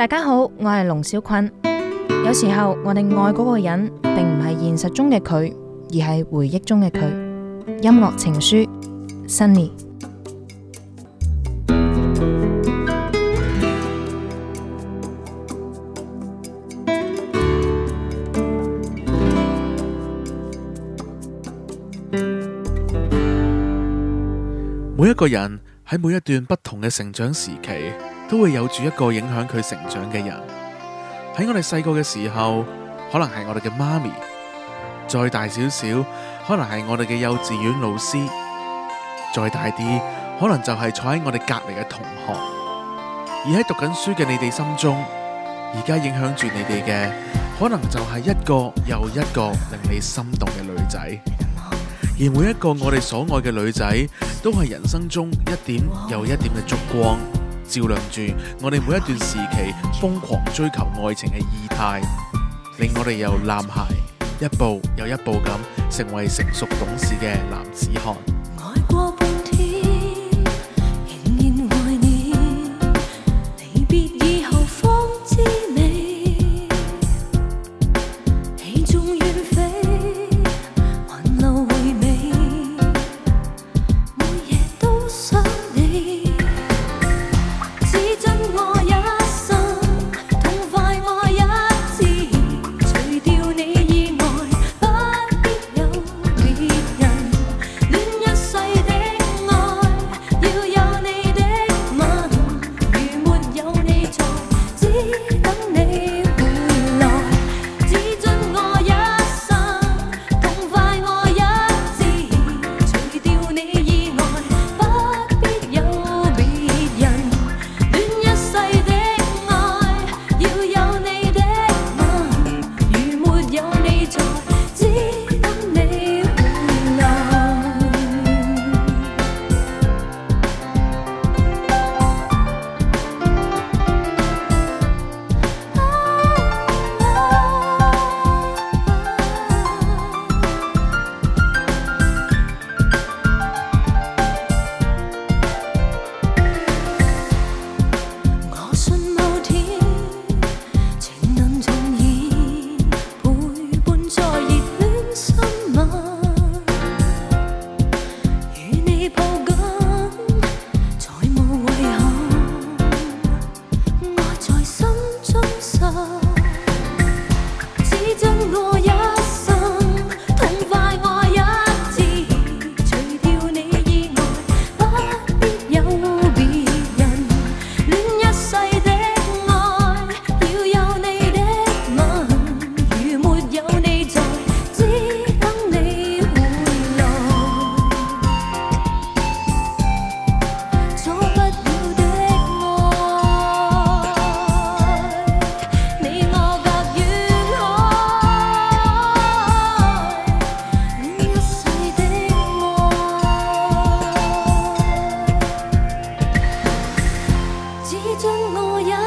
大家好，我係龍小坤。有時候我哋愛嗰個人，並唔係現實中嘅佢，而係回憶中嘅佢。音樂情書，Sunny。每一個人喺每一段不同嘅成長時期。都會有住一個影響佢成長嘅人。喺我哋細個嘅時候，可能係我哋嘅媽咪；再大少少，可能係我哋嘅幼稚園老師；再大啲，可能就係坐喺我哋隔籬嘅同學。而喺讀緊書嘅你哋心中，而家影響住你哋嘅，可能就係一個又一個令你心動嘅女仔。而每一個我哋所愛嘅女仔，都係人生中一點又一點嘅燭光。照亮住我哋每一段時期，瘋狂追求愛情嘅意態，令我哋由男孩一步又一步噉，成為成熟懂事嘅男子漢。只准我有。